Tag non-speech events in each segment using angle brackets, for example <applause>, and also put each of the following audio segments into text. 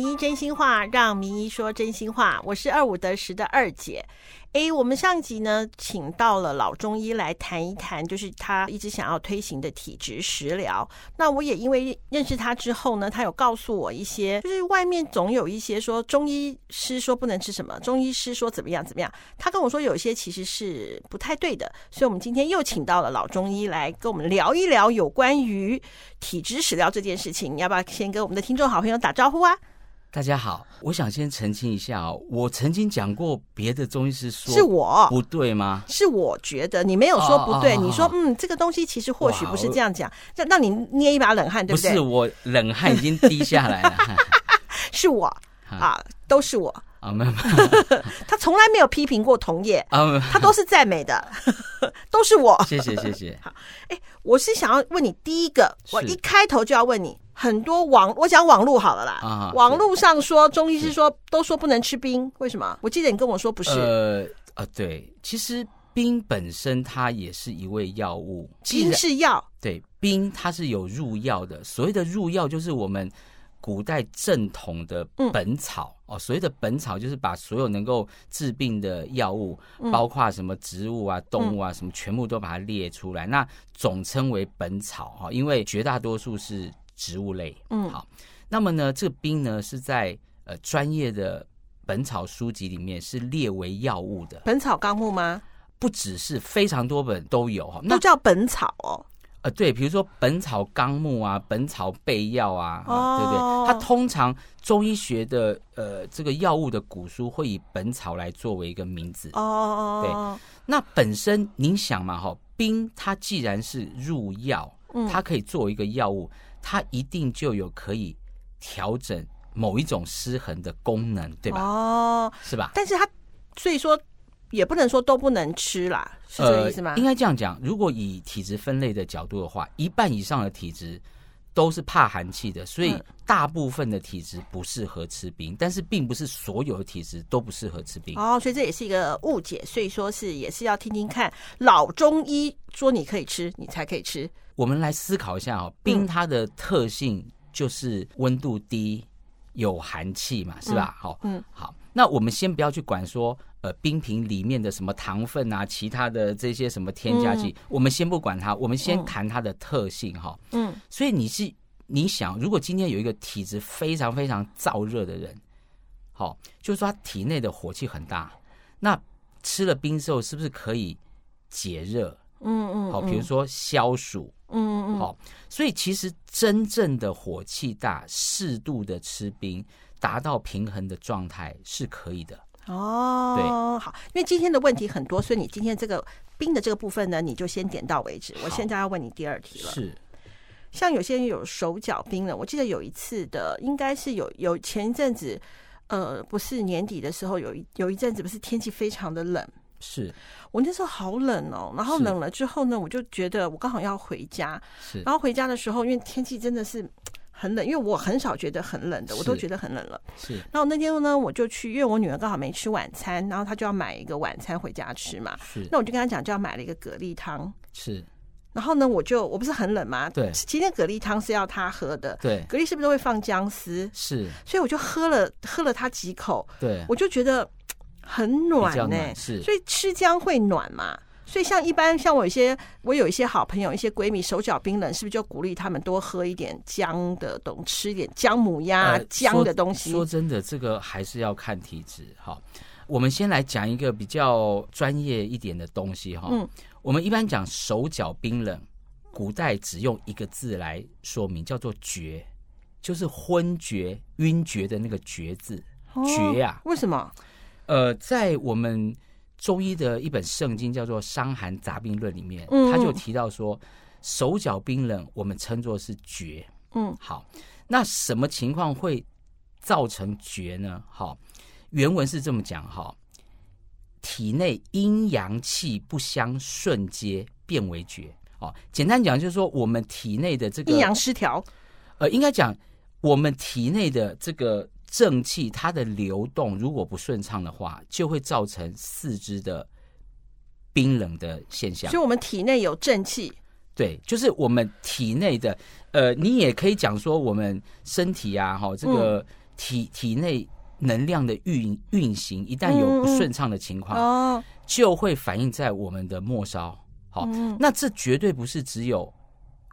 名醫真心話，讓名醫說真心話。我是二五得十的二姐。誒，我們上集呢，請到了老中醫來談一談，就是他一直想要推行的體質食療。那我也因為認識他之後呢，他有告訴我一些，就是外面總有一些說中醫師說不能吃什麼，中醫師說怎麼樣怎麼樣。他跟我說有些其實是不太對的，所以我們今天又請到了老中醫來跟我們聊一聊有關於體質食療這件事情。要不要先跟我們的聽眾好朋友打招呼啊？大家好，我想先澄清一下哦，我曾經講過別的中醫師說是我不對嗎？是我覺得你沒有說不對，你說嗯，這個東西其實或許不是這樣講，讓你捏一把冷汗，對不對？不是，我冷汗已經滴下來了，是我啊，都是我啊，沒有沒有，他從來沒有批評過同業啊，他都是讚美的，都是我。謝謝謝謝。好，哎，我是想要問你，第一個，我一開頭就要問你。很多網我講網絡好了啦，網絡上說中醫師說都說不能吃冰，為什麼？我記得你跟我說不是。呃呃對，其實冰本身它也是一味藥物，冰是藥。對，冰它是有入藥的。所謂的入藥，就是我們古代正統的本草哦。所謂的本草，就是把所有能夠治病的藥物，包括什麼植物啊、動物啊什麼，全部都把它列出來，那總稱為本草哈。因為絕大多數是。植物類，嗯，好。那麼呢，這個冰呢是在呃專業的本草書籍裡面是列為藥物的，《本草綱目》嗎？不只是非常多本都有哈，那都叫本草哦。呃，對，比如說《本草綱目》啊，《本草備藥》啊、哦、啊，對不對？它通常中醫學的呃這個藥物的古書會以本草來作為一個名字哦。對，那本身您想嘛哈、哦，冰它既然是入藥。它可以作為一個藥物，它一定就有可以調整某一種失衡的功能，對吧？哦，是吧？但是它，所以說也不能說都不能吃啦，是這個意思嗎？呃，應該這樣講，如果以體質分類的角度的話，一半以上的體質。都是怕寒氣的，所以大部分的體質不適合吃冰，嗯、但是並不是所有的體質都不適合吃冰哦，所以這也是一個誤解，所以說是也是要聽聽看老中醫說你可以吃，你才可以吃。我們來思考一下哦，冰它的特性就是溫度低，有寒氣嘛，是吧？好、嗯，嗯，好。那我們先不要去管說，呃，冰品裡面的什麼糖分啊，其他的這些什麼添加劑，嗯、我們先不管它。我們先談它的特性哈。嗯、哦。所以你是你想，如果今天有一個體質非常非常燥熱的人，哦、就是說他體內的火氣很大，那吃了冰之後是不是可以解熱？嗯嗯。好、嗯哦，比如說消暑。嗯嗯嗯。好、嗯哦，所以其實真正的火氣大，適度的吃冰。達到平衡的狀態是可以的哦。Oh, 對，好，因為今天的問題很多，所以你今天這個冰的這個部分呢，你就先點到為止。好我現在要問你第二題了。是，像有些人有手腳冰冷，我記得有一次的，應該是有有前一陣子，呃，不是年底的時候，有一有一陣子不是天氣非常的冷，是我那時候好冷哦。然後冷了之後呢，我就覺得我剛好要回家，是。然後回家的時候，因為天氣真的是。很冷，因為我很少覺得很冷的，我都覺得很冷了。是，是，然後那天呢，我就去，因為我女兒剛好沒吃晚餐，然後她就要買一個晚餐回家吃嘛。是，那我就跟她講，就要買了一個蛤蜊湯。是，然後呢，我就我不是很冷嘛。對，今天蛤蜊湯是要她喝的。對，蛤蜊是不是都會放薑絲？是，所以我就喝了喝了她幾口。對，我就覺得很暖呢、欸。是，所以吃薑會暖嘛。所以像一般像我一些我有一些好朋友一些閨蜜，手腳冰冷，是不是就鼓勵他們多喝一點薑的，懂，啊呃，的東西，吃一點薑母鴨薑的東西？說真的，這個還是要看體質哈。我們先來講一個比較專業一點的東西哈。嗯。我們一般講手腳冰冷，古代只用一個字來說明，叫做“厥”，就是昏厥、暈厥的那個“厥”字。哦、厥呀？啊？為什麼？呃，在我們。中醫的一本聖經叫做《傷寒雜病論》裡面，他就提到說，手腳冰冷，我們稱作是厥。嗯，好，那什麼情況會造成厥呢？好、哦，原文是這麼講哈，體內陰陽氣不相順接，變為厥。哦，簡單講就是說，我們體內的這個陰陽失調，呃，應該講我們體內的這個。正氣它的流動如果不順暢的話，就會造成四肢的冰冷的現象。所以，我們體內有正氣，對，就是我們體內的呃，你也可以講說我們身體啊，哈，這個體體內能量的運運行，一旦有不順暢的情況，哦，就會反映在我們的末梢。好，那這絕對不是只有。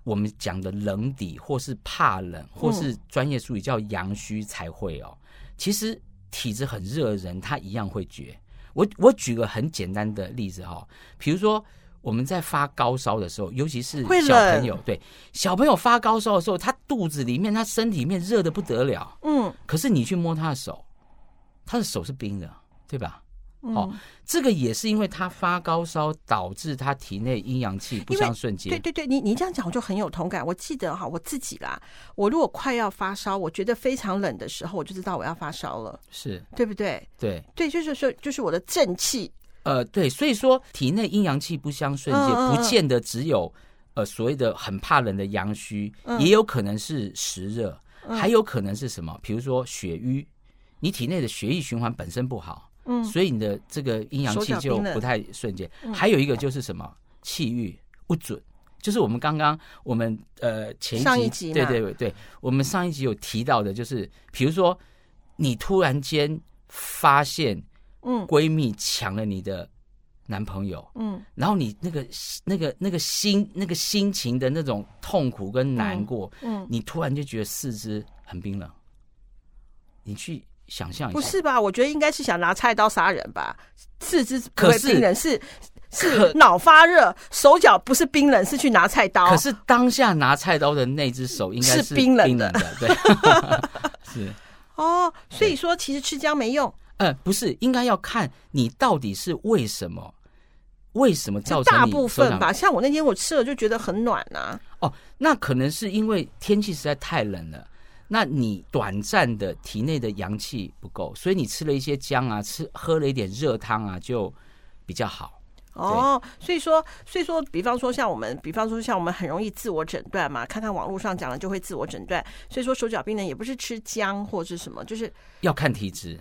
我們講的冷底，或是怕冷，或是專業術語叫陽虛才會哦。其實體質很熱的人，他一樣會厥。我我舉個很簡單的例子哈、哦，比如說我們在發高燒的時候，尤其是小朋友，對小朋友發高燒的時候，他肚子裡面、他身體裡面熱得不得了，嗯，可是你去摸他的手，他的手是冰的，對吧？哦，嗯、這個也是因為他發高燒導致他體內陰陽氣不相順接。對對對，你你這樣講我就很有同感。我記得哈，我自己啦，我如果快要發燒，我覺得非常冷的時候，我就知道我要發燒了，是對不對？對對，就是說，就是我的正氣。呃，對，所以說體內陰陽氣不相順接，嗯、不見得只有呃所謂的很怕冷的陽虛，嗯、也有可能是濕熱，嗯、還有可能是什麼？比如說血瘀，你體內的血液循環本身不好。嗯，所以你的這個陰陽氣就不太瞬間。嗯、還有一個就是什麼氣鬱不準，就是我們剛剛我們呃前一集,上一集對對對,、嗯、對，我們上一集有提到的，就是比如說你突然間發現，嗯，閨蜜搶了你的男朋友，嗯，嗯然後你那個那個那個心那個心情的那種痛苦跟難過，嗯，嗯你突然就覺得四肢很冰冷，你去。想象一下，不是吧？我覺得應該是想拿菜刀殺人吧。四肢不會冰冷，可是冰冷，是是腦發熱，可手腳不是冰冷，是去拿菜刀。可是當下拿菜刀的那只手應該是冰冷冰冷的，冰冷的 <laughs> 對， <laughs> 是哦。所以說，其實吃薑沒用。呃，不是，應該要看你到底是為什麼，為什麼造成。大部分吧，像我那天我吃了就覺得很暖吶、啊。哦，那可能是因為天氣實在太冷了。那你短暫的體內的陽氣不夠，所以你吃了一些薑啊，吃喝了一點熱湯啊，就比較好。哦，所以說，所以說，比方說像我們，比方說像我們很容易自我診斷嘛，看看網絡上講了就會自我診斷。所以說手腳冰冷也不是吃薑或是什麼，就是要看體質。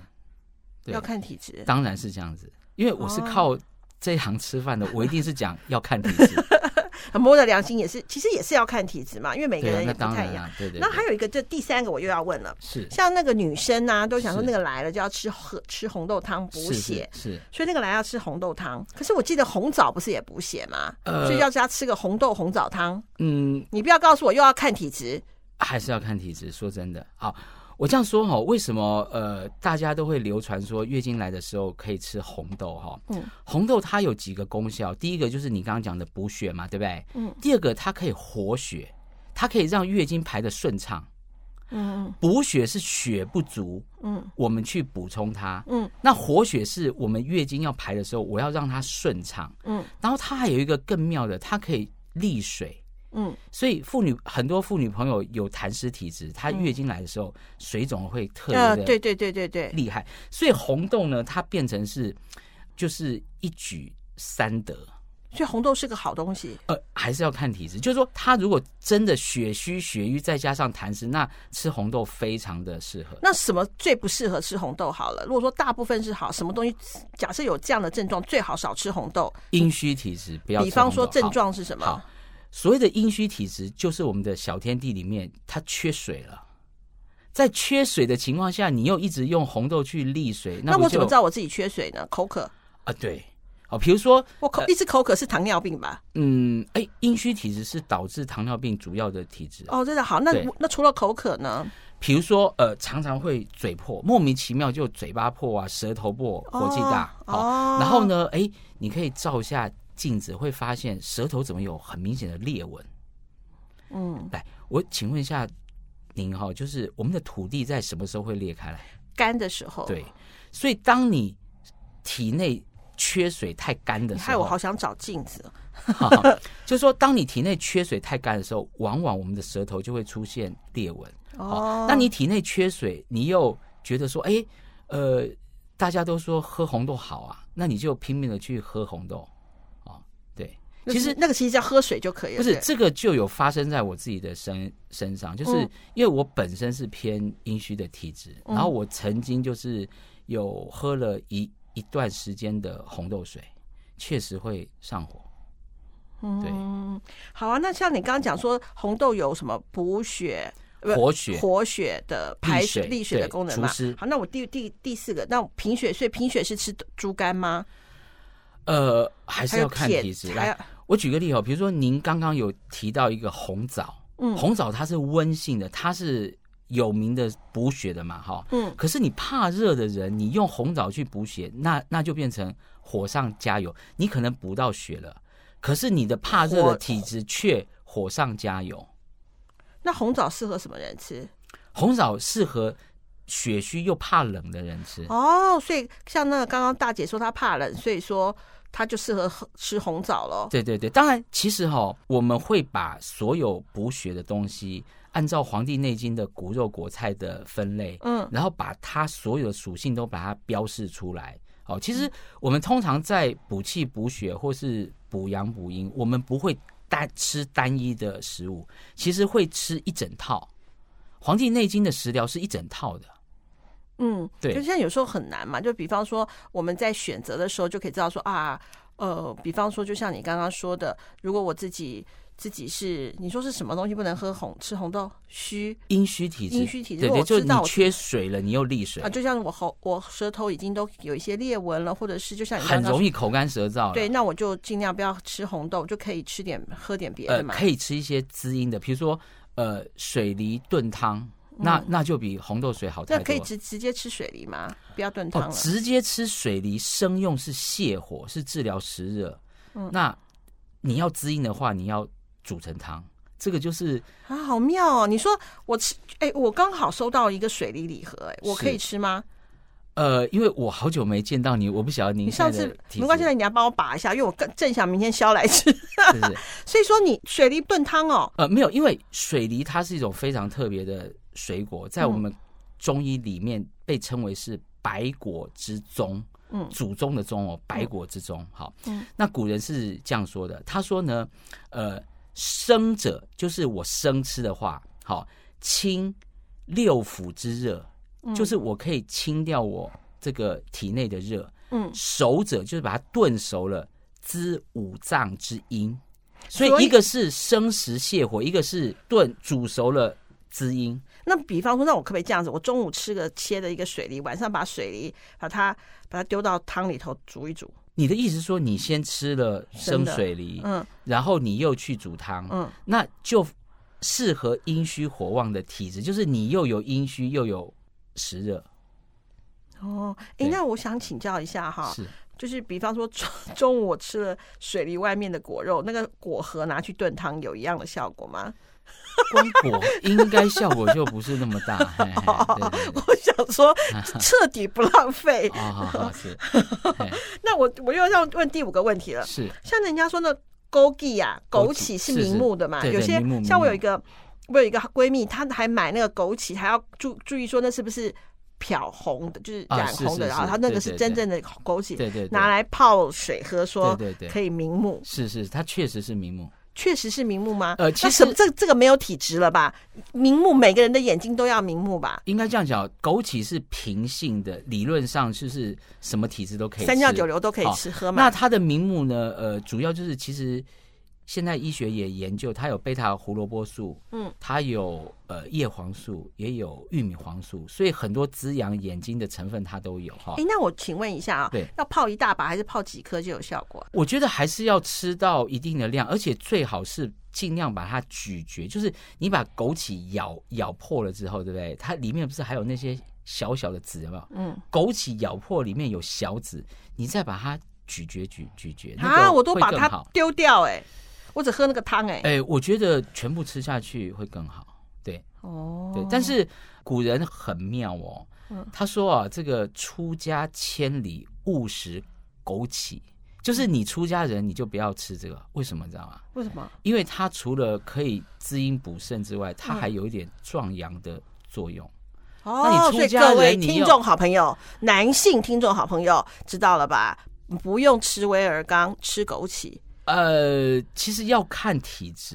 對，要看體質，當然是這樣子。因為我是靠這行吃飯的，哦，我一定是講要看體質。 <laughs> 摸著良心也是，其實也是要看體質嘛，因為每個人也不太一樣。對啊、那、啊、對對對還有一個，這第三個我又要問了，是像那個女生啊，都想說那個來了就要吃喝是吃紅豆湯補血，是、是、是，所以那個來要吃紅豆湯。可是我記得紅棗不是也補血嗎？呃、所以要加吃個紅豆紅棗湯。嗯，你不要告訴我又要看體質。還是要看體質，說真的，好，我這樣說哈、哦，為什麼？呃，大家都會流傳說月經來的時候可以吃紅豆哈、哦，嗯，紅豆它有幾個功效，第一個就是你剛剛講的補血嘛，對不對？嗯，第二個它可以活血，它可以讓月經排得順暢，嗯嗯，補血是血不足，嗯，我們去補充它，嗯，那活血是我們月經要排的時候，我要讓它順暢，嗯，然後它還有一個更妙的，它可以利水。嗯，所以婦女很多婦女朋友有痰濕體質，她月經來的時候、嗯、水腫會特別的、啊、對對對對對厲害。所以紅豆呢，它變成是就是一舉三得，所以紅豆是個好東西。呃，還是要看體質，就是說，她如果真的血虛血瘀再加上痰濕，那吃紅豆非常的適合。那什麼最不適合吃紅豆？好了，如果說大部分是好，什麼東西？假設有這樣的症狀，最好少吃紅豆。陰虛體質不要、嗯。比方說症狀是什麼？好好所謂的陰虛體質，就是我們的小天地裡面它缺水了。在缺水的情況下，你又一直用紅豆去利水，那，那我怎麼知道我自己缺水呢？口渴啊、呃，對，哦、呃，比如說我口一直口渴，是糖尿病吧？嗯，哎、欸，陰虛體質是導致糖尿病主要的體質。哦，真的好，那對那除了口渴呢？比如說，呃，常常會嘴破，莫名其妙就嘴巴破啊，舌頭破，火氣大。哦、好，哦、然後呢，哎、欸，你可以照一下。鏡子會發現舌頭怎麼有很明顯的裂紋？嗯，來，我請問一下您哈、哦，就是我們的土地在什麼時候會裂開來？乾的時候。對，所以當你體內缺水太乾的時候，哎，我好想找鏡子 <laughs> 、哦。就說當你體內缺水太乾的時候，往往我們的舌頭就會出現裂紋。哦，哦，那你體內缺水，你又覺得說，哎，呃，大家都說喝紅豆好啊，那你就拼命的去喝紅豆。其實那個其實叫喝水就可以了。不是對這個就有發生在我自己的身身上，就是因為我本身是偏陰虛的體質，嗯、然後我曾經就是有喝了一一段時間的紅豆水，確實會上火。對，嗯、好啊。那像你剛剛講說紅豆有什麼補血、活血、呃、活血的排水、利血、水的功能嘛？好，那我第第第四個，那貧血，所以貧血是吃豬肝嗎？呃，還是要看體質還我舉個例子哦，比如說您剛剛有提到一個紅棗，嗯，紅棗它是溫性的，它是有名的補血的嘛，哈，嗯，可是你怕熱的人，你用紅棗去補血，那那就變成火上加油，你可能補到血了，可是你的怕熱的體質卻火上加油。那紅棗適合什麼人吃？紅棗適合血虛又怕冷的人吃。哦，所以像那個剛剛大姐說她怕冷，所以說。它就適合吃紅棗咯。對對對，當然，其實哈、哦，我們會把所有補血的東西，按照《黃帝內經》的骨肉果菜的分類，嗯，然後把它所有的屬性都把它標示出來。哦，其實我們通常在補氣、補血或是補陽、補陰，我們不會單吃單一的食物，其實會吃一整套。《黃帝內經》的食療是一整套的。嗯，對，就像有時候很難嘛，就比方說我們在選擇的時候就可以知道說啊，呃，比方說就像你剛剛說的，如果我自己自己是你說是什麼東西不能喝紅吃紅豆虛陰虛體質陰虛體質，體質對，對，我知道就你缺水了，你又利水啊，就像我喉我舌頭已經都有一些裂紋了，或者是就像你剛剛很容易口乾舌燥了，對，那我就盡量不要吃紅豆，就可以吃點喝點別的嘛，呃、可以吃一些滋陰的，比如說呃水梨燉湯。嗯、那那就比紅豆水好太多那可以直直接吃水梨嗎？不要燉湯。哦，直接吃水梨生用是瀉火，是治療濕熱。嗯、那你要滋陰的話，你要煮成湯。這個就是啊，好妙哦！你說我吃，哎、欸，我剛好收到一個水梨禮盒，哎是，我可以吃嗎？呃，因為我好久沒見到你，我不曉得你。你上次沒關係，那你要幫我把一下，因為我正想明天削來吃。 <laughs> 是是所以說你水梨燉湯哦？呃，沒有，因為水梨它是一種非常特別的。水果在我們中醫裡面被稱為是百果之宗，嗯，祖宗的宗哦，百果之宗。好，嗯，那古人是這樣說的，他說呢，呃，生者就是我生吃的話，好，清六腑之熱，嗯，就是我可以清掉我這個體內的熱，嗯，熟者就是把它燉熟了，滋五臟之陰，所以一個是生食瀉火，一個是燉煮熟了滋陰。那比方說，那我可不可以這樣子？我中午吃個切的一個水梨，晚上把水梨把它把它丟到湯裡頭煮一煮。你的意思是說，你先吃了生水梨，嗯，然後你又去煮湯，嗯，那就適合陰虛火旺的體質，就是你又有陰虛又有濕熱。哦，哎、欸，對那我想請教一下哈，哦，是，就是比方說中中午我吃了水梨外面的果肉，那個果核拿去燉湯，有一樣的效果嗎？光果應該效果就不是那麼大。我想說徹底不浪費。那我我又要問第五個問題了。是像人家說那枸杞呀，枸杞是明目的嘛？有些像我有一個我有一個閨蜜，她還買那個枸杞，還要注注意說那是不是漂紅的，就是染紅的。然後她那個是真正的枸杞，拿來泡水喝，說可以明目。是是，它確實是明目。確實是明目嗎？呃，其實這這個沒有體質了吧？明目，每個人的眼睛，都要明目吧？應該這樣講，枸杞是平性的，理論上就是什麼體質都可以，三教九流都可以吃、哦、喝嘛。那它的明目呢？呃，主要就是其實。現在醫學也研究，它有貝塔胡蘿蔔素，嗯，它有呃葉黃素，也有玉米黃素，所以很多滋養眼睛的成分它都有哈。哎、哦，欸，那我請問一下啊、哦，對，要泡一大把還是泡幾顆就有效果？我覺得還是要吃到一定的量，而且最好是盡量把它咀嚼，就是你把枸杞咬咬破了之後，對不對？它裡面不是還有那些小小的籽，有沒有？嗯，枸杞咬破裡面有小籽，你再把它咀嚼咀咀嚼，咀嚼那個、啊，我都把它丟掉哎、欸。我只喝那個湯，哎、欸，哎、欸，我覺得全部吃下去會更好，對，哦，對，但是古人很妙哦，嗯、他說啊，這個出家千里勿食枸杞，就是你出家人你就不要吃這個，為什麼你知道嗎？為什麼？因為它除了可以滋陰補腎之外，它還有一點壯陽的作用。哦、嗯，那你出家人，哦、聽眾好朋友，男性聽眾好朋友，知道了吧？不用吃威而鋼，吃枸杞。呃，其實要看體質。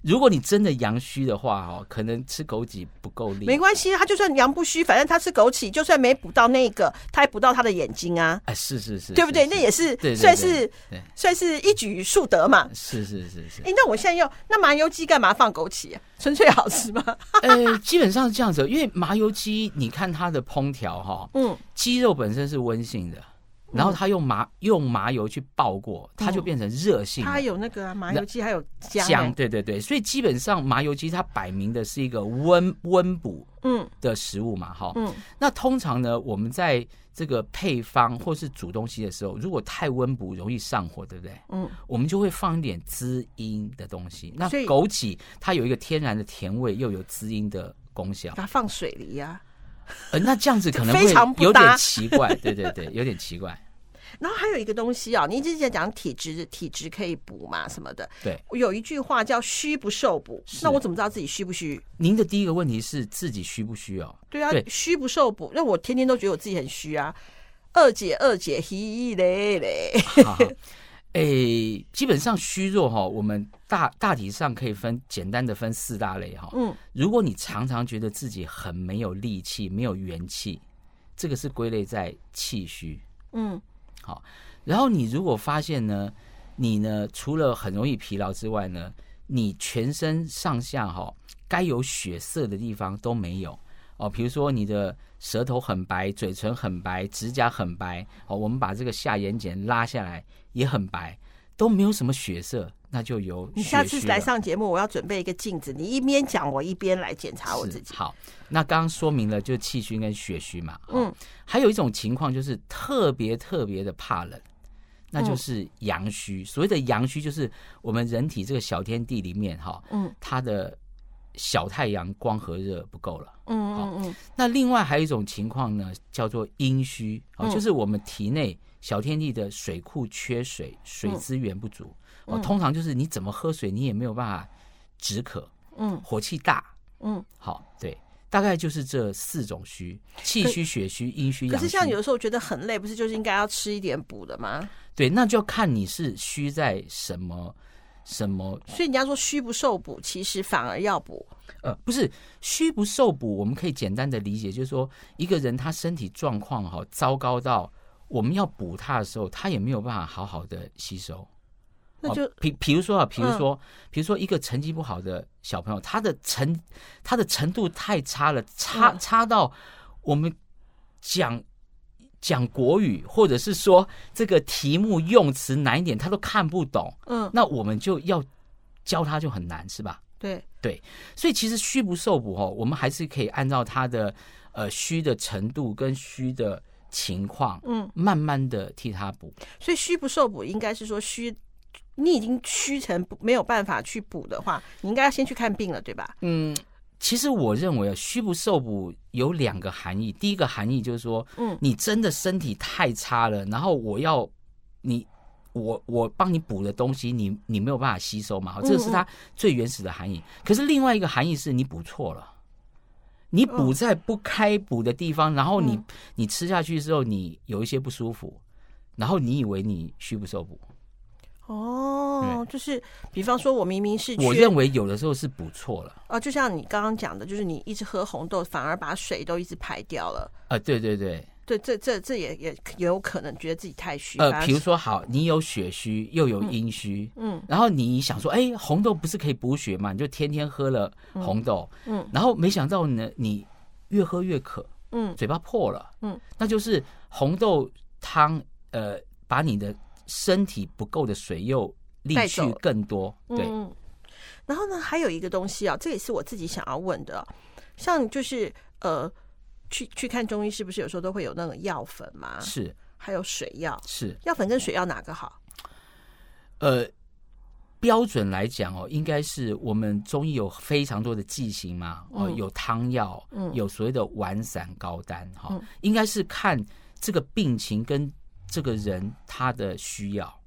如果你真的陽虛的話，哈，可能吃枸杞不夠力。沒關係，他就算陽不虛，反正他吃枸杞，就算沒補到那個，他也補到他的眼睛啊！哎、呃，是是是，對不對？是是是，那也是，對對對對，算是，對對對對，算是一舉數得嘛。是是是是。哎、欸，那我現在要那麻油雞乾嘛放枸杞？啊？純粹好吃嗎？ <laughs> 呃，基本上是這樣子，因為麻油雞，你看它的烹調哈，哦、嗯，雞肉本身是溫性的。嗯、然後他用麻用麻油去爆過，它就變成熱性。它、嗯、有那個、啊、麻油雞，還有薑薑。對對對，所以基本上麻油雞它擺明的是一個溫溫補嗯的食物嘛哈。嗯。那通常呢，我們在這個配方或是煮東西的時候，如果太溫補容易上火，對不對？嗯。我們就會放一點滋陰的東西。那枸杞它有一個天然的甜味，又有滋陰的功效。它放水梨呀、啊？呃，那這樣子可能會非常有點奇怪。 <laughs> 對對對，有點奇怪。然後還有一個東西啊、哦，您之前講體質，體質可以補嘛什麼的。對，我有一句話叫“虛不受補”，是那我怎麼知道自己虛不虛？您的第一個問題是自己虛不虛哦？對啊，對虛不受補，那我天天都覺得我自己很虛啊。二姐，二姐，嘿嘿嘞嘞。哎， <laughs> 基本上虛弱哈、哦，我們大大體上可以分簡單的分四大類哈、哦。嗯，如果你常常覺得自己很沒有力氣、沒有元氣，這個是歸類在氣虛。嗯。好，然後你如果發現呢，你呢除了很容易疲勞之外呢，你全身上下哈、哦、該有血色的地方都沒有哦，比如說你的舌頭很白，嘴唇很白，指甲很白哦，我們把這個下眼瞼拉下來也很白，都沒有什麼血色。那就由你下次來上節目，我要準備一個鏡子，你一邊講，我一邊來檢查我自己。好，那剛剛說明了，就是氣虛跟血虛嘛。哦、嗯，還有一種情況就是特別特別的怕冷，那就是陽虛。嗯、所謂的陽虛，就是我們人體這個小天地裡面哈，哦、嗯，它的小太陽光和熱不夠了。嗯嗯嗯。哦、嗯，那另外還有一種情況呢，叫做陰虛，哦嗯、就是我們體內。小天地的水庫缺水，水資源不足，嗯哦。通常就是你怎麼喝水，你也沒有辦法止渴。嗯，火氣大。嗯，好，對，大概就是這四種虛：氣虛、血虛可、陰虛、陽虛。可是，像有的時候覺得很累，不是就是應該要吃一點補的嗎？對，那就要看你是虛在什麼什麼。所以人家說“虛不受補”，其實反而要補。呃，不是“虛不受補”，我們可以簡單的理解，就是說一個人他身體狀況哈糟糕到，我們要補他的時候，他也沒有辦法好好的吸收。那就，哦、比比如說啊，比如說，嗯、比如說一個成績不好的小朋友，他的成他的程度太差了，差差到我們講講國語，或者是說這個題目用詞難一點，他都看不懂。嗯，那我們就要教他就很難，是吧？對對，所以其實虛不受補哦，我們還是可以按照他的呃虛的程度跟虛的。情況，嗯，慢慢的替他補，嗯，所以虛不受補，應該是說虛，你已經虛成沒有辦法去補的話，你應該要先去看病了，對吧？嗯，其實我認為啊，虛不受補有兩個含義，第一個含義就是說，嗯，你真的身體太差了，然後我要你，我我幫你補的東西你，你你沒有辦法吸收嘛，好，這個是它最原始的含義。嗯，可是另外一個含義是你補錯了。你補在不開補的地方，嗯、然後你你吃下去之後，你有一些不舒服，然後你以為你虛不受補，哦，嗯、就是比方說，我明明是我認為有的時候是補錯了啊，就像你剛剛講的，就是你一直喝紅豆，反而把水都一直排掉了啊，對對對。對，這這這也也也有可能覺得自己太虛。呃，比如說，好，你有血虛又有陰虛，嗯，嗯然後你想說，哎，紅豆不是可以補血嘛？你就天天喝了紅豆，嗯，嗯然後沒想到呢，你越喝越渴，嗯，嘴巴破了，嗯，嗯那就是紅豆湯，呃，把你的身體不夠的水又利去更多，對。然後呢，還有一個東西啊，這也是我自己想要問的，像就是呃。去去看中醫是不是有時候都會有那種藥粉嘛？是，還有水藥。是，藥粉跟水藥哪個好？呃，標準來講哦，應該是我們中醫有非常多的劑型嘛，嗯、哦，有湯藥，嗯、有所謂的丸散膏丹哈、嗯哦，應該是看這個病情跟這個人他的需要，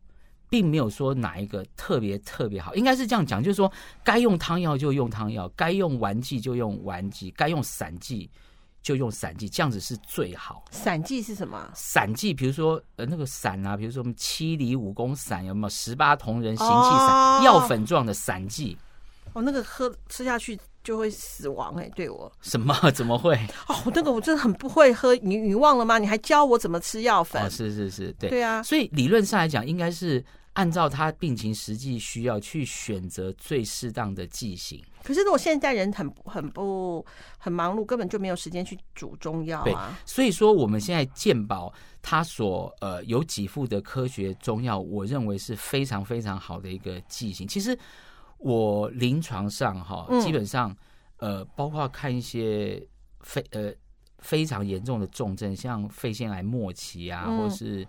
並沒有說哪一個特別特別好。應該是這樣講，就是說該用湯藥就用湯藥，該用丸劑就用丸劑，該用散劑。就用散劑，這樣子是最好。散劑是什麼？散劑，比如說呃那個散啊，比如說我們七里武功散，有沒有十八銅人行氣散，哦，藥粉狀的散劑。哦，那個喝吃下去就會死亡哎、欸，對我什麼怎麼會？哦，那個我真的很不會喝，你你忘了嗎？你還教我怎麼吃藥粉？哦，是是是，對，對啊。所以理論上來講，應該是按照他病情實際需要去選擇最適當的劑型。可是我現在人很很不很忙碌，根本就沒有時間去煮中藥、啊、對，所以說，我們現在健保它所呃有幾副的科學中藥，我認為是非常非常好的一個劑型。其實我臨床上哈，基本上、嗯、呃，包括看一些非呃非常嚴重的重症，像肺腺癌末期啊，嗯、或是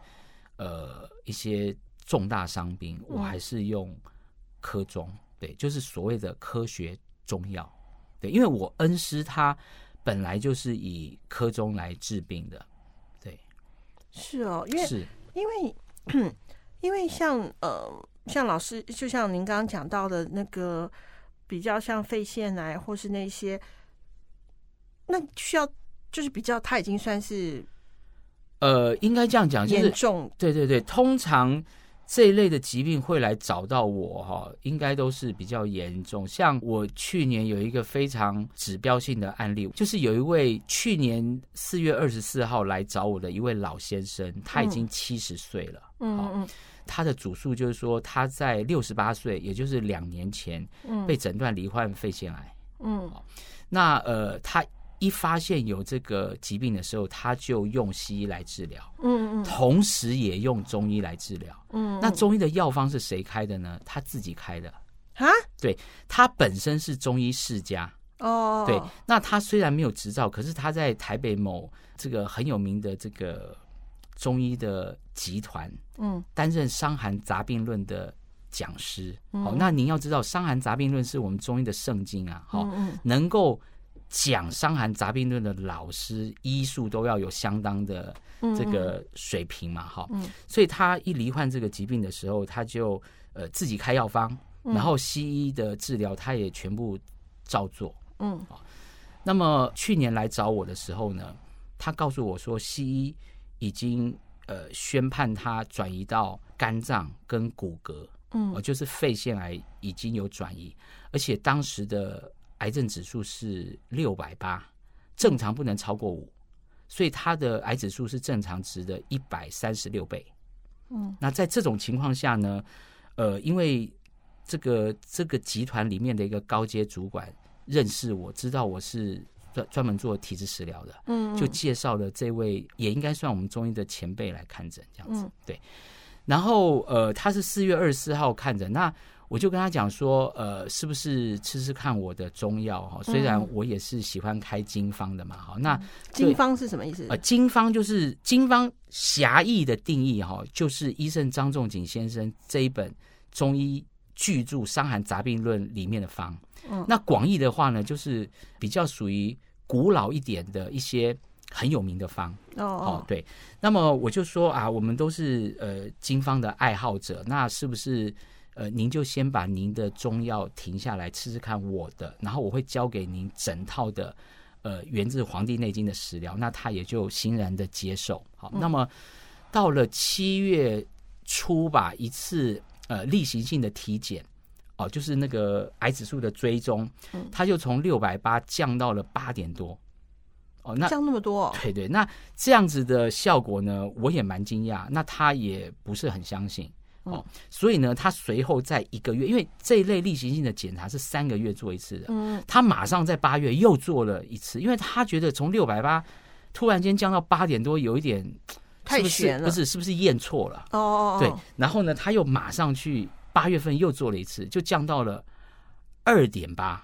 呃一些重大傷病，我還是用科中，嗯、對，就是所謂的科學。中藥，對，因為我恩師他本來就是以科中來治病的，對，是哦，因為是因為、嗯、因為像呃像老師，就像您剛剛講到的那個比較像肺腺癌或是那些，那需要就是比較他已經算是，呃，應該這樣講，嚴重，對對對，通常。這一類的疾病會來找到我哈、哦，應該都是比較嚴重。像我去年有一個非常指標性的案例，就是有一位去年四月二十四號來找我的一位老先生，他已經七十歲了。嗯、哦、嗯、嗯，他的主訴就是說他在六十八歲，也就是兩年前，被診斷罹患肺腺癌，嗯。嗯，哦、那呃他。一發現有這個疾病的時候，他就用西醫來治療，嗯，嗯嗯，同時也用中醫來治療，嗯。那中醫的藥方是誰開的呢？他自己開的啊？對，他本身是中醫世家哦。對，那他雖然沒有執照，可是他在台北某這個很有名的這個中醫的集團，嗯，擔任《傷寒雜病論》的講師。那您要知道，《傷寒雜病論》是我們中醫的聖經啊。好，哦，嗯，能夠。講《傷寒雜病論》的老師醫術都要有相當的這個水平嘛？哈，嗯，嗯，所以他一罹患這個疾病的時候，他就呃自己開藥方，然後西醫的治療他也全部照做，嗯，那麼去年來找我的時候呢，他告訴我說，西醫已經呃宣判他轉移到肝臟跟骨骼，嗯，就是肺腺癌已經有轉移，而且當時的。癌症指數是六百八，正常不能超過五，所以他的癌指數是正常值的一百三十六倍。嗯，那在這種情況下呢，呃，因為這個這個集團裡面的一個高階主管認識我，知道我是專專門做體質食療的，嗯，嗯，就介紹了這位，也應該算我們中醫的前輩來看診，這樣子，嗯、對。然後，呃，他是四月二十四號看診，那。我就跟他講說，呃，是不是吃吃看我的中藥哈、哦？雖然我也是喜歡開經方的嘛，哈、嗯。那經方是什麼意思？呃，經方就是經方狹義的定義哈、哦，就是醫聖張仲景先生這一本中醫巨著《傷寒雜病論》裡面的方。嗯、那廣義的話呢，就是比較屬於古老一點的一些很有名的方。哦，哦，哦對。那麼我就說啊，我們都是呃經方的愛好者，那是不是？呃，您就先把您的中藥停下來，吃吃看我的，然後我會教給您整套的，呃，源自《黃帝內經》的食療，那他也就欣然的接受。好，那麼到了七月初吧，一次呃例行性的體檢，哦，就是那個癌指數的追蹤，他就從六百八降到了八點多。哦，那降那麼多哦？對對，那這樣子的效果呢，我也蠻驚訝。那他也不是很相信。哦，所以呢，他隨後在一個月，因為這一類例行性的檢查是三個月做一次的，嗯，他馬上在八月又做了一次，因為他覺得從六百八突然間降到八點多，有一點太玄了，不是，是不是驗錯了？哦、oh. 對，然後呢，他又馬上去八月份又做了一次，就降到了二點八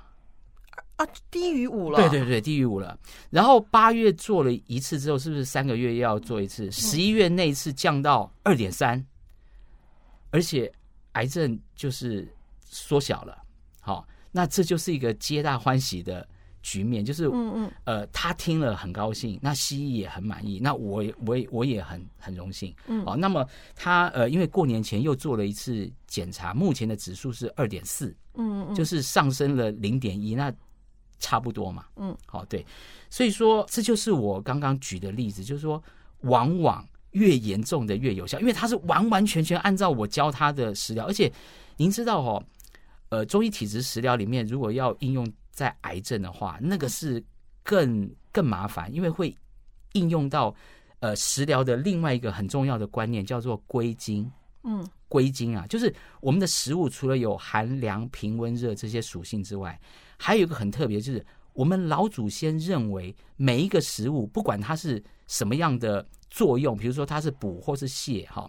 啊，低於五了，對對對，低於五了。然後八月做了一次之後，是不是三個月又要做一次？十一、嗯、月那一次降到二點三。而且癌症就是縮小了，好、哦，那這就是一個皆大歡喜的局面，就是，嗯嗯，嗯呃，他聽了很高興，那西醫也很滿意，那我我我也很很榮幸，嗯、哦，那麼他呃，因為過年前又做了一次檢查，目前的指數是二點四，嗯嗯，就是上升了零點一，那差不多嘛，嗯，好，對，所以說這就是我剛剛舉的例子，就是說往往，越嚴重的越有效，因為它是完完全全按照我教他的食療，而且您知道哈、哦，呃，中醫體質食療裡面，如果要應用在癌症的話，那個是更更麻煩，因為會應用到呃食療的另外一個很重要的觀念，叫做歸經。嗯，歸經啊，就是我們的食物除了有寒涼、平溫、熱這些屬性之外，還有一個很特別就是。我們老祖先認為，每一個食物不管它是什麼樣的作用，比如說它是補或是瀉，哈，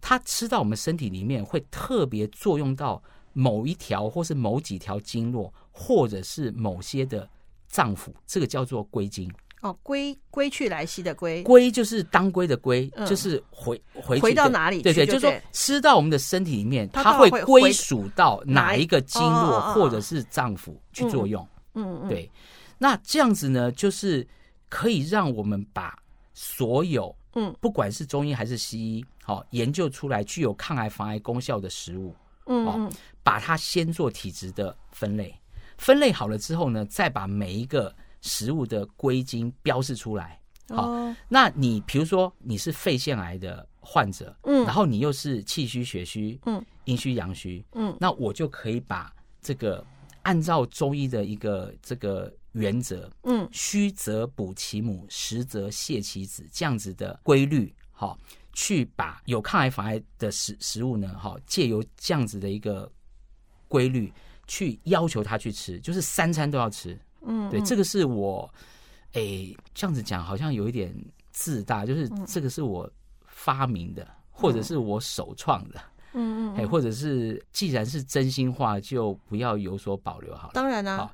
它吃到我們身體裡面會特別作用到某一條或是某幾條經絡，或者是某些的臟腑，這個叫做歸經。哦，歸歸去來兮的歸，歸就是當歸的歸，嗯、就是回回，回到哪裡，對？對對，就對，就是說吃到我們的身體裡面，它會歸屬到哪一個經絡個、哦、啊啊或者是臟腑去作用。嗯嗯，嗯，對，那這樣子呢，就是可以讓我們把所有嗯，不管是中醫還是西醫，好、哦、研究出來具有抗癌防癌功效的食物，哦、嗯，嗯，嗯、把它先做體質的分類，分類好了之後呢，再把每一個食物的歸經標示出來。哦，哦那你比如說你是肺腺癌的患者，嗯，嗯，然後你又是氣虛血虛，虛虛嗯，陰虛陽虛，嗯，嗯，那我就可以把這個。按照中醫的一個這個原則，嗯，虛則補其母，實則瀉其子，這樣子的規律，好，去把有抗癌防癌的食食物呢，好，借由這樣子的一個規律去要求他去吃，就是三餐都要吃，嗯，對，這個是我，哎、欸，這樣子講好像有一點自大，就是這個是我發明的，嗯、或者是我首創的。嗯，嗯嗯，哎，或者是，既然是真心話，就不要有所保留好了。當然啦、啊哦，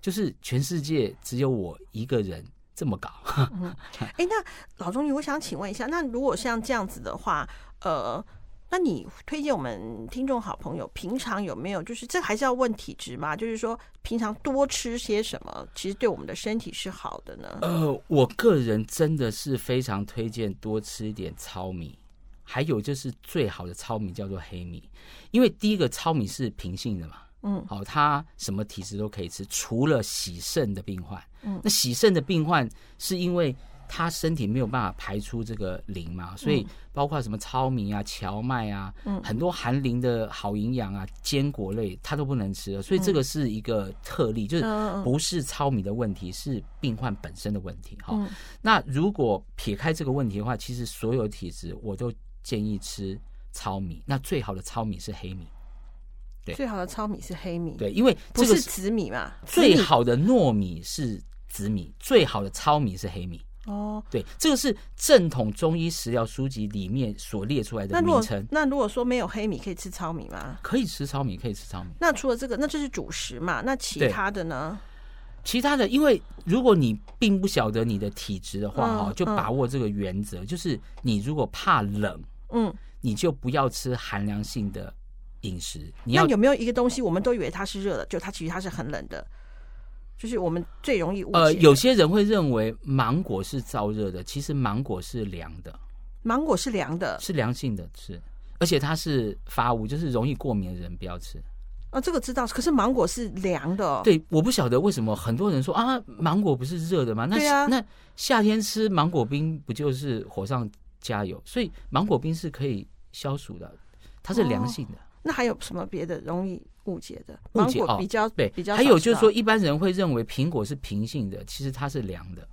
就是全世界只有我一個人這麼搞。哎、嗯嗯欸，那老中醫，我想請問一下，那如果像這樣子的話，呃，那你推薦我們聽眾好朋友平常有沒有，就是這還是要問體質嗎？就是說平常多吃些什麼，其實對我們的身體是好的呢？呃，我個人真的是非常推薦多吃一點糙米。還有就是最好的糙米叫做黑米，因為第一個糙米是平性的嘛，嗯，好、哦，它什麼體質都可以吃，除了洗腎的病患，嗯，那洗腎的病患是因為他身體沒有辦法排出這個磷嘛，所以包括什麼糙米啊、蕎麥啊，嗯，很多含磷的好營養啊、堅果類，它都不能吃了，所以這個是一個特例，嗯、就是不是糙米的問題，是病患本身的問題。哈、哦，嗯、那如果撇開這個問題的話，其實所有體質我都。建議吃糙米，那最好的糙米是黑米，對，最好的糙米是黑米，對，因為不是紫米嘛。最好的糯米是紫米，最好的糙米是黑米。哦，對，這個是正統中醫食療書籍裡面所列出來的名稱。那如果說沒有黑米，可以吃糙米嗎？可以吃糙米，可以吃糙米。那除了這個，那就是主食嘛。那其他的呢？其他的，因為如果你並不曉得你的體質的話，哈、嗯，就把握這個原則，嗯、就是你如果怕冷。嗯，你就不要吃寒涼性的飲食。你要有沒有一個東西，我們都以為它是熱的，就它其實它是很冷的，就是我們最容易誤解的。呃，有些人會認為芒果是燥熱的，其實芒果是涼的。芒果是涼的，是涼性的，是，而且它是發物，就是容易過敏的人不要吃。啊，這個知道。可是芒果是涼的哦。對，我不曉得為什麼很多人說啊，芒果不是熱的嗎？那，啊，那夏天吃芒果冰不就是火上？加油！所以芒果冰是可以消暑的，它是涼性的、哦。那還有什麼別的容易誤解的？解芒果比較、哦、對，比較還有就是說，一般人會認為蘋果是平性的，其實它是涼的。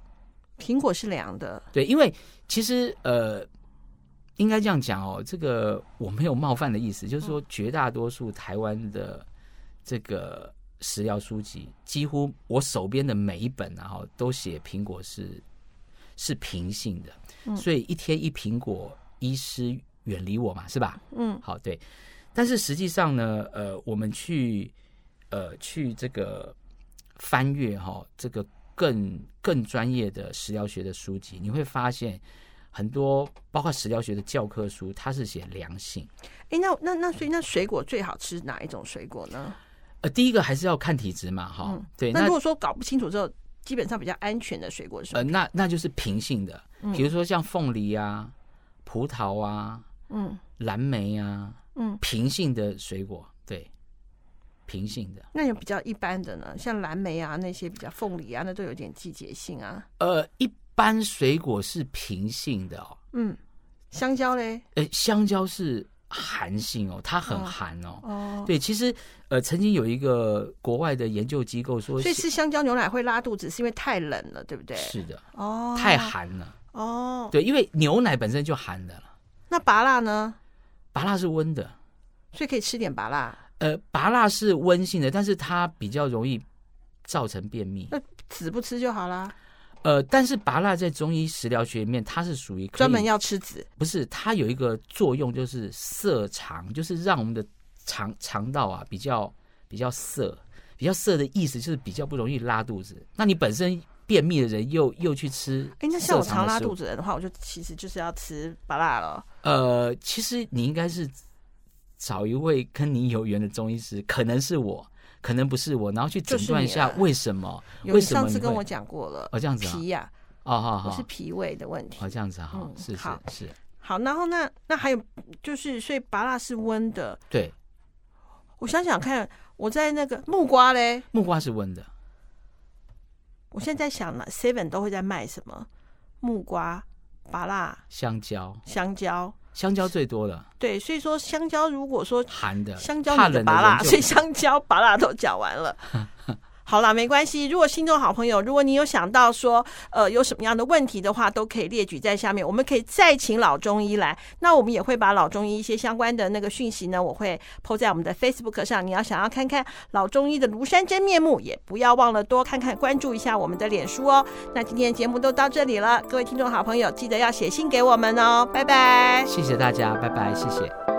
蘋果是涼的，對，因為其實呃，應該這樣講哦，這個我沒有冒犯的意思，就是說絕大多數台灣的這個食療書籍，幾乎我手邊的每一本、啊，然後都寫蘋果是。是平性的，所以一天一蘋果，嗯、醫師遠離我嘛，是吧？嗯，好，對。但是實際上呢，呃，我們去，呃，去這個翻閱哈，這個更更專業的食療學的書籍，你會發現很多，包括食療學的教科書，它是寫涼性。哎、欸，那那那，所以那水果最好吃哪一種水果呢？呃，第一個還是要看體質嘛，哈。嗯、對。那如果說搞不清楚之後。基本上比較安全的水果是，呃，那那就是平性的，嗯、比如說像鳳梨啊、葡萄啊、嗯、藍莓啊，嗯，平性的水果，對，平性的。那有比較一般的呢，像藍莓啊那些，比較鳳梨啊，那都有點季節性啊。呃，一般水果是平性的哦。嗯，香蕉嘞？呃、欸，香蕉是。寒性哦，它很寒哦。哦，哦對，其實呃，曾經有一個國外的研究機構說，所以吃香蕉牛奶會拉肚子，是因為太冷了，對不對？是的，哦，太寒了，哦，對，因為牛奶本身就寒的了。那芭樂呢？芭樂是溫的，所以可以吃點芭樂。呃，芭樂是溫性的，但是它比較容易造成便秘。那籽不吃就好啦。呃，但是芭樂在中醫食療學裡面，它是屬於專門要吃籽，不是它有一個作用，就是澀腸，就是讓我們的腸腸道啊比較比較澀，比較澀的意思就是比較不容易拉肚子。那你本身便秘的人又，又又去吃應該、欸、像我常拉肚子人的話，我就其實就是要吃芭樂了。呃，其實你應該是找一位跟你有緣的中醫師，可能是我。可能不是我，然後去診斷一下為什麼？為什麼？你上次跟我講過了。啊、哦，這樣子脾、啊、呀，哦好好，哦、是脾胃的問題。哦，這樣子哈，是、嗯、是是。好，是好，然後那那還有就是，所以芭樂是溫的。對。我想想看，我在那個木瓜嘞。木瓜，木瓜是溫的。我現在，在想呢、啊，Seven 都會在賣什麼？木瓜、芭樂、香蕉、香蕉。香蕉最多的，對，所以說香蕉如果說寒的，香蕉怕冷、拔辣，所以香蕉拔辣都講完了。 <laughs> 好啦，沒關係。如果聽眾好朋友，如果你有想到說，呃，有什麼樣的問題的話，都可以列舉在下面。我們可以再請老中醫來，那我們也會把老中醫一些相關的那個訊息呢，我會 po 在我們的 Facebook 上。你要想要看看老中醫的廬山真面目，也不要忘了多看看，關注一下我們的臉書哦。那今天節目都到這裡了，各位聽眾好朋友，記得要寫信給我們哦。拜拜，謝謝大家，拜拜，謝謝。